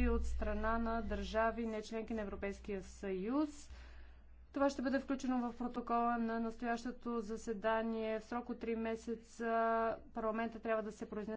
разпоредби от страна на държави, не членки на Европейския съюз. Това ще бъде включено в протокола на настоящото заседание. В срок от 3 месеца парламента трябва да се произнесе